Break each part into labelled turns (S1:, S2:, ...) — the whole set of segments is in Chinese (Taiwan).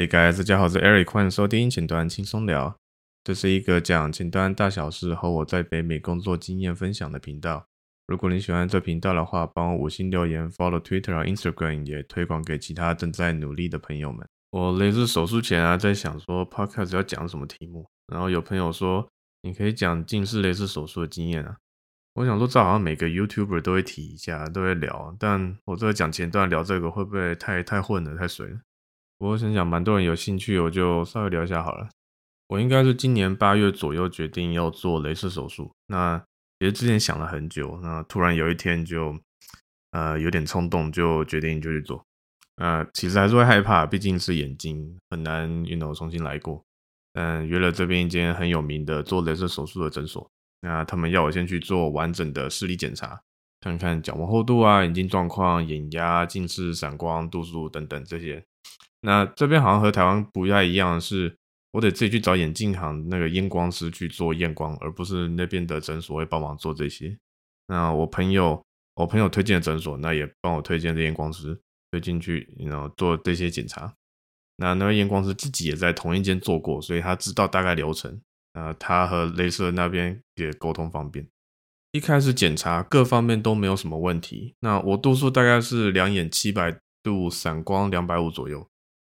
S1: Hey guys，大家好，我是 Eric，歡迎收聽前端輕鬆聊。這是一個講前端大小事和我在北美工作經驗分享的頻道。如果你喜歡這頻道的話，幫我五星留言，follow Twitter 和 Instagram 也推廣給其他正在努力的朋友們。我雷射手術前啊，在想說 podcast 要講什麼題目，然後有朋友說，你可以講近視雷射手術的經驗啊。我想說這好像每個 YouTuber 都會提一下，都會聊，但我這講前端聊這個會不會太太混了，太水了？我想想，蠻多人有興趣，我就稍微聊一下好了。我應該是今年八月左右決定要做雷射手術，那也是之前想了很久，那突然有一天就呃有點衝動，就決定就去做。呃，其實還是會害怕，畢竟是眼睛很難，you know, 重新來過。嗯，約了這邊一間很有名的做雷射手術的診所。那他們要我先去做完整的視力檢查，看看角膜厚度啊、眼睛狀況、眼壓、近視、散光度數等等這些。那這邊好像和台灣不太一樣，是我得自己去找眼鏡行那個驗光師去做驗光，而不是那邊的診所會幫忙做這些。那我朋友，我朋友推薦的診所，那也幫我推薦這驗光師，推進去然後做這些檢查。那那個驗光師自己也在同一間做過，所以他知道大概流程。那他和雷射那邊也溝通方便。一開始檢查各方面都沒有什麼問題。那我度數大概是兩眼七百度，散光兩百五左右。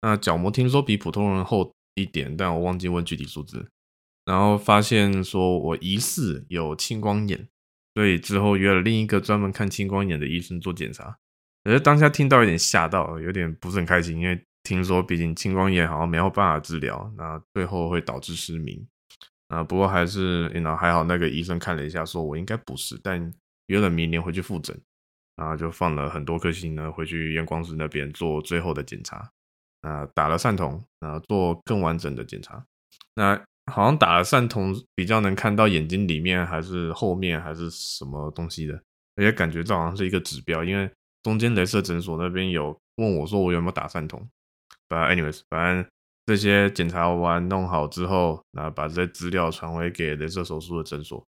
S1: 那角膜聽說比普通人厚一點，但我忘記問具體數字。然後發現說我疑似有青光眼，所以之後約了另一個專門看青光眼的醫生做檢查。而當下聽到有點嚇到，有點不是很開心，因為聽說畢竟青光眼好像沒有辦法治療，那最後會導致失明。啊，不過還是嗯，然後還好，那個醫生看了一下，說我應該不是，但約了明年回去復診。然後就放了很多顆心呢，回去驗光師那邊做最後的檢查。啊，打了散瞳，然後做更完整的檢查。那好像打了散瞳比較能看到眼睛裡面還是後面還是什麼東西的，而且感覺這好像是一個指標，因為中間雷射診所那邊有問我說我有沒有打散瞳。But anyways，反正這些檢查完弄好之後，那把這些資料傳回給雷射手術的診所，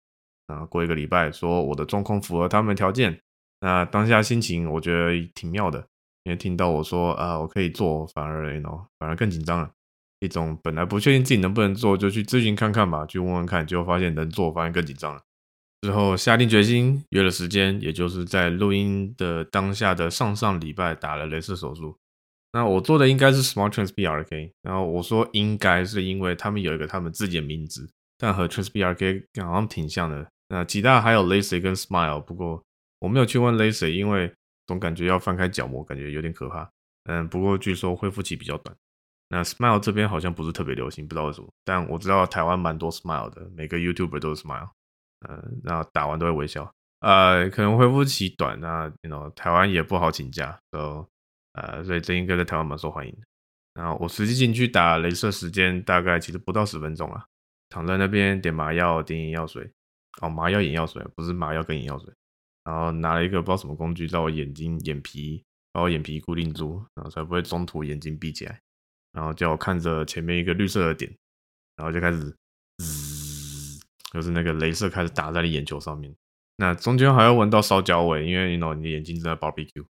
S1: 然後過一個禮拜說我的狀況符合他們條件。那當下心情我覺得挺妙的。也聽到我說啊，我可以做，反而然後反而更緊張了。一種本來不確定自己能不能做，就去諮詢看看吧，去問問看，結果發現能做，反而更緊張了。之後下定決心約了時間，也就是在錄音的當下的上上禮拜打了雷射手術。那我做的應該是 Smart TransPRK。然後我說應該是因為他們有一個他們自己的名字，但和 TransPRK 好像挺像的。那其他還有 LASIK 跟 Smile，不過我沒有去問 LASIK 因為。總感覺要翻開角膜，感覺有點可怕。嗯，不過據說恢復期比較短。那 Smile 這邊好像不是特別流行，不知道為什麼。但我知道台灣蠻多 Smile 的，每個 YouTuber 都有 Smile。嗯，那打完都會微笑。呃，可能恢復期短，那你 you know, 台灣也不好請假，都呃，所以這應該在台灣蠻受歡迎的。然後我實際進去打雷射時間大概其實不到十分鐘啊，躺在那邊點麻藥、點眼藥水。哦，麻藥眼藥水不是麻藥跟眼藥水。然後拿了一個不知道什麼工具，在我眼睛眼皮把我眼皮固定住，然後才不會中途眼睛閉起來。然後叫我看着前面一個綠色的點，然後就開始滋，就是那個雷射開始打在你眼球上面。那中間還要聞到燒焦味，因為 you know, 你的眼睛正在 barbecue。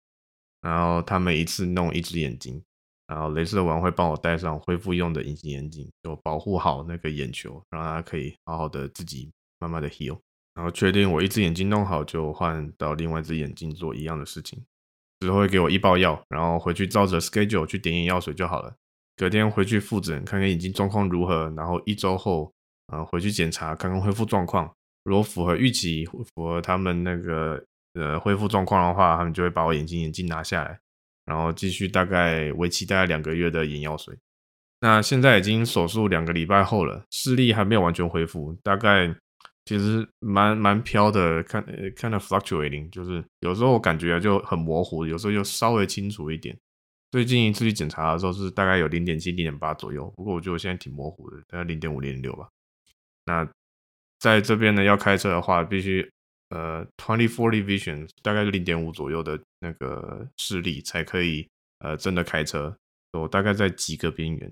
S1: 然後他每一次弄一隻眼睛，然後雷射完會幫我戴上恢復用的隱形眼鏡，就保護好那個眼球，讓它可以好好的自己慢慢的 heal。然後確定我一隻眼睛弄好，就換到另外一隻眼睛做一樣的事情，之後會給我一包藥，然後回去照着 schedule 去點眼藥水就好了。隔天回去複診，看看眼睛狀況如何，然後一周後，然後回去檢查看看恢復狀況。如果符合預期，符合他們那個呃恢復狀況的話，他們就會把我眼睛眼鏡拿下來，然後繼續大概為期大概兩個月的眼藥水。那現在已經手術兩個禮拜後了，視力還沒有完全恢復，大概。其實蠻蠻飄的，看，看到 fluctuating，就是有時候我感覺啊就很模糊，有時候又稍微清楚一點。最近一次去檢查的時候是大概有零點七、零點八左右，不過我覺得我現在挺模糊的，大概零點五、零點六吧。那在這邊呢，要開車的話必須呃 twenty forty vision，大概是零點五左右的那個視力才可以呃真的開車。所以我大概在及格邊緣。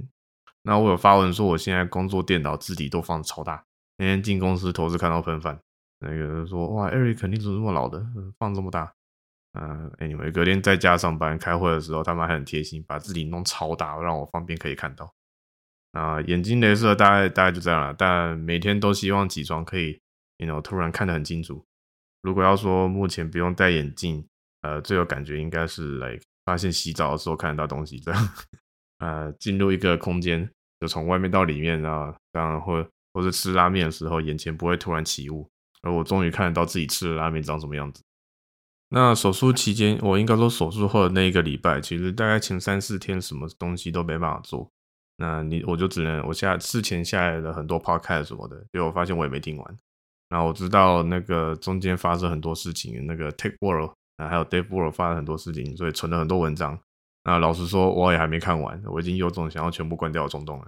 S1: 那我有發文說我現在工作電腦字體都放超大。那天進公司，同事看到噴飯，那個人說：“哇，Eric 肯定是這麼老的，放這麼大。呃”嗯，anyway 你們隔天在家上班開會的時候，他們還很貼心，把自己弄超大，讓我方便可以看到。啊、呃，眼睛雷射大概大概就這樣啦，但每天都希望起床可以，你 you 知 know, 突然看得很清楚。如果要說目前不用戴眼鏡，呃，最有感覺應該是來發現洗澡的時候看得到東西這樣，呃，進入一個空間，就從外面到裡面啊，然後這樣。或者吃拉麵的時候，眼前不會突然起霧，而我終於看得到自己吃的拉麵長什麼樣子。那手術期間，我應該說手術後的那一個禮拜，其實大概前三四天什麼東西都沒辦法做。那你我就只能我下事前下來了很多 podcast 什麼的，結果我發現我也沒聽完。然後我知道那個中間發生很多事情，那個 tech world 啊，還有 dev world 發生很多事情，所以存了很多文章。那老實說，我也還沒看完，我已經有種想要全部關掉的衝動了。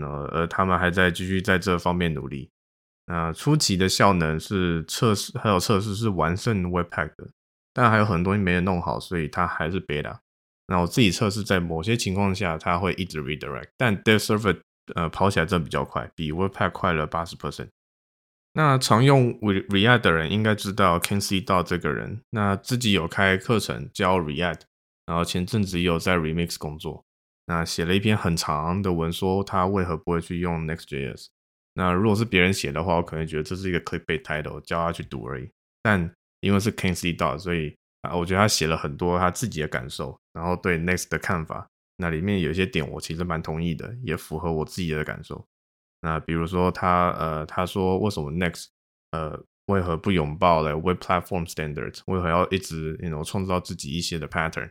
S1: 呃，他們還在繼續在這方面努力。那初期的效能是測試，還有測試是完勝 Webpack 的，但還有很多東西沒有弄好，所以它還是 Beta。那我自己測試，在某些情況下，它會一直 Redirect，但 Dev Server，呃，跑起來真的比較快，比 Webpack 快了八十 percent。那常用 React 的人應該知道 Kent C. Dodds 這個人，那自己有開課程教 React，然後前陣子也有在 Remix 工作。那寫了一篇很長的文，說他為何不會去用 next.js。那如果是別人寫的話，我可能覺得這是一個 clickbait title，叫他去讀而已。但因為是 Kent C. Dodds，所以啊，我覺得他寫了很多他自己的感受，然後對 next 的看法。那裡面有一些點我其實蠻同意的，也符合我自己的感受。那比如說他呃，他說為什麼 next，呃，為何不擁抱的、like, web platform standards，為何要一直 you know 創造到自己一些的 pattern。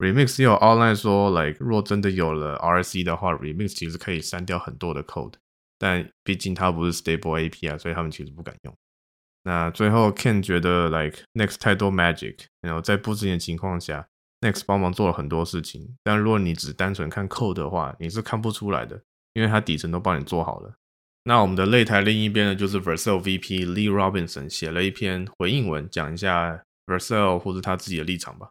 S1: Remix 也有 online 說，like 若真的有了 RSC 的話，Remix 其實可以刪掉很多的 code，但畢竟它不是 stable API，所以他們其實不敢用。那最後 Ken 覺得，like Next 太多 magic，然後 you know, 在不知情的情況下，Next 幫忙做了很多事情，但如果你只單純看 code 的話，你是看不出來的，因為它底層都幫你做好了。那我們的擂台另一邊呢，就是 Vercel VP Lee Robinson 寫了一篇回應文，講一下 Vercel 或者他自己的立場吧。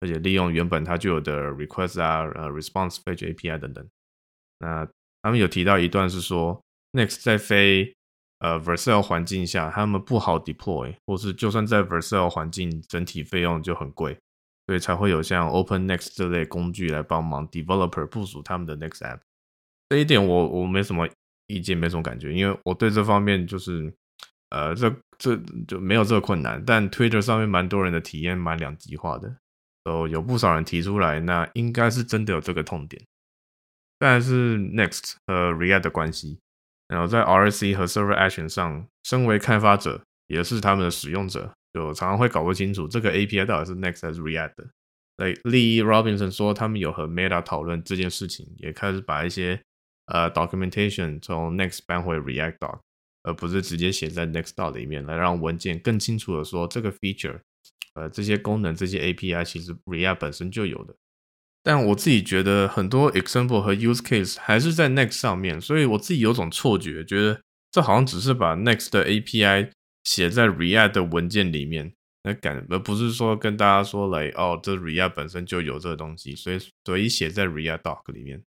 S1: 而且利用原本它就有的 request 啊、呃、uh, response fetch API 等等，那他們有提到一段是說，Next 在非呃、uh, Vercel 環境下他們不好 deploy，或是就算在 Vercel 環境，整體費用就很貴，所以才會有像 Open Next 這類工具來幫忙 developer 部署他們的 Next app。這一點我我沒什麼意見，沒什麼感覺，因為我對這方面就是呃這這就沒有這個困難。但 Twitter 上面蠻多人的體驗蠻兩極化的。都有不少人提出來，那應該是真的有這個痛點。但是 Next 和 React 的關係，然後在 RSC 和 Server Action 上，身為開發者也是他們的使用者，就常常會搞不清楚這個 API 到底是 Next 還是 React 的。Lee Robinson 說他們有和 Meta 討論這件事情，也開始把一些呃、uh, documentation 從 Next 搬回 React Doc，而不是直接寫在 Next Doc 裡面，來讓文件更清楚的說這個 feature。呃，這些功能，這些 API 其實 React 本身就有的，但我自己覺得很多 example 和 use case 還是在 Next 上面，所以我自己有種錯覺，覺得這好像只是把 Next 的 API 寫在 React 的文件裡面，那感而不是說跟大家說來，哦，這 React 本身就有這個東西，所以所以寫在 React Doc 裡面。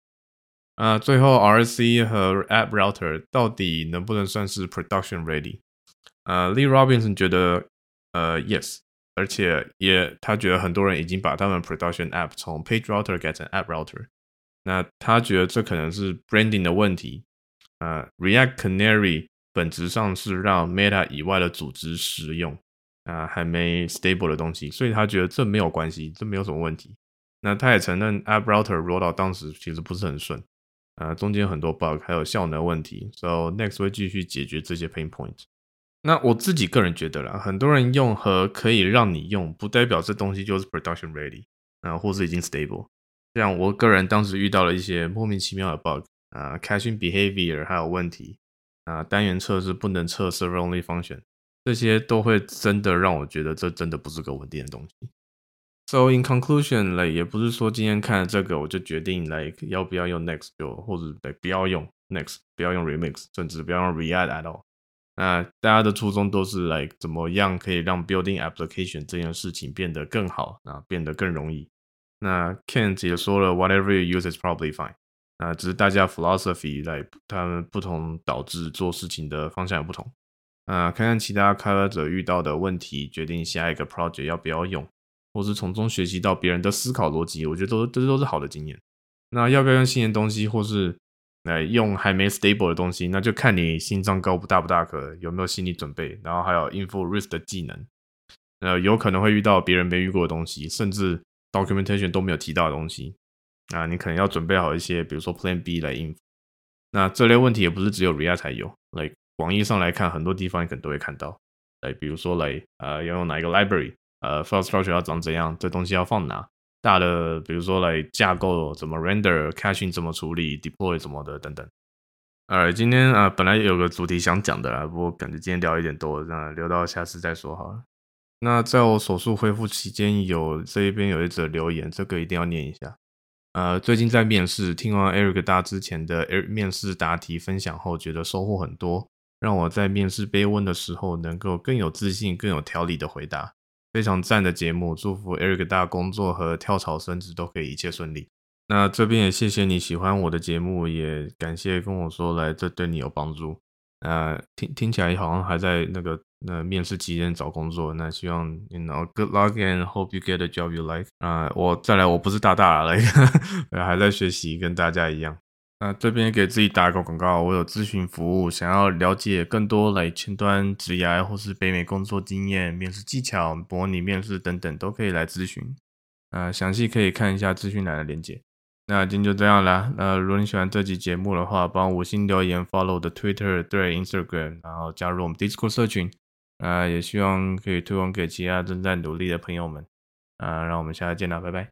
S1: 啊、呃，最後 RSC 和 App Router 到底能不能算是 Production Ready？呃，Lee Robinson 覺得，呃，Yes。而且也，他覺得很多人已經把他們 production app 從 page router 改成 app router。那他覺得這可能是 branding 的問題。啊、uh,，React Canary 本質上是讓 Meta 以外的組織使用啊、uh, 還沒 stable 的東西，所以他覺得這沒有關係，這沒有什麼問題。那他也承認 app router roll 到當時其實不是很順，啊、uh,，中間很多 bug，還有效能問題。So next 會繼續解決這些 pain point。那我自己個人覺得啦，很多人用和可以讓你用，不代表這東西就是 production ready 啊、呃，或是已經 stable。像我個人當時遇到了一些莫名其妙的 bug 啊、呃、，caching behavior 還有問題啊、呃，單元測試不能測 server only function，這些都會真的讓我覺得這真的不是個穩定的東西。So in conclusion，了也不是說今天看了這個我就決定來、like, 要不要用 Next 就或者來、like, 不要用 Next，不要用 Remix，甚至不要用 React at all。那、呃、大家的初衷都是來、like, 怎麼樣可以讓 building application 這件事情變得更好，啊、呃，變得更容易。那 Kent 也說了 whatever you use is probably fine，啊、呃，只是大家 philosophy 來、like, 他們不同導致做事情的方向也不同。啊、呃，看看其他開發者遇到的問題，決定下一個 project 要不要用，或是從中學習到別人的思考邏輯，我覺得都這都是好的經驗。那要不要用新的東西，或是？來用還沒 stable 的東西，那就看你心臟高不大不大可有沒有心理準備，然後還有 info risk 的技能，呃，有可能會遇到別人沒遇過的東西，甚至 documentation 都沒有提到的東西，啊，你可能要準備好一些，比如說 plan B 來應付。那這類問題也不是只有 React 才有，來廣義上來看，很多地方你可能都會看到，來比如說來、like,，呃，要用哪一個 library，呃，file structure 要長怎樣，這東西要放哪。大的，比如說來架構怎麼 render，caching 怎麼處理，deploy 怎麼的等等。呃，今天啊、呃，本來有個主題想講的啦，不過感覺今天聊有點多，那留到下次再說好了。那在我手術恢復期間，有這一邊有一則留言，這個一定要念一下。呃，最近在面試，聽完 Eric 大之前的面試答題分享後，覺得收穫很多，讓我在面試被問的時候能夠更有自信、更有條理的回答。非常贊的節目，祝福 Eric 大工作和跳槽升職都可以一切順利。那這邊也謝謝你喜歡我的節目，也感謝跟我說，來這對你有幫助。呃，聽聽起來好像還在那個那、呃、面試期間找工作，那希望，you know，good luck and hope you get a job you like。呃，啊，我再來，我不是大大了，還在學習，跟大家一樣。那、呃、這邊給自己打個廣告，我有諮詢服務，想要了解更多來前端職業、職涯或是北美工作經驗、面試技巧、模擬面試等等，都可以來諮詢。啊、呃，詳細可以看一下諮詢欄的鏈接。那今天就這樣啦，那、呃、如果你喜歡這期節目的話，幫我五星留言，follow 我的 Twitter、對 Instagram，然後加入我們 Discord 社群。啊、呃，也希望可以推廣給其他正在努力的朋友們。啊、呃，讓我們下次見啦，拜拜。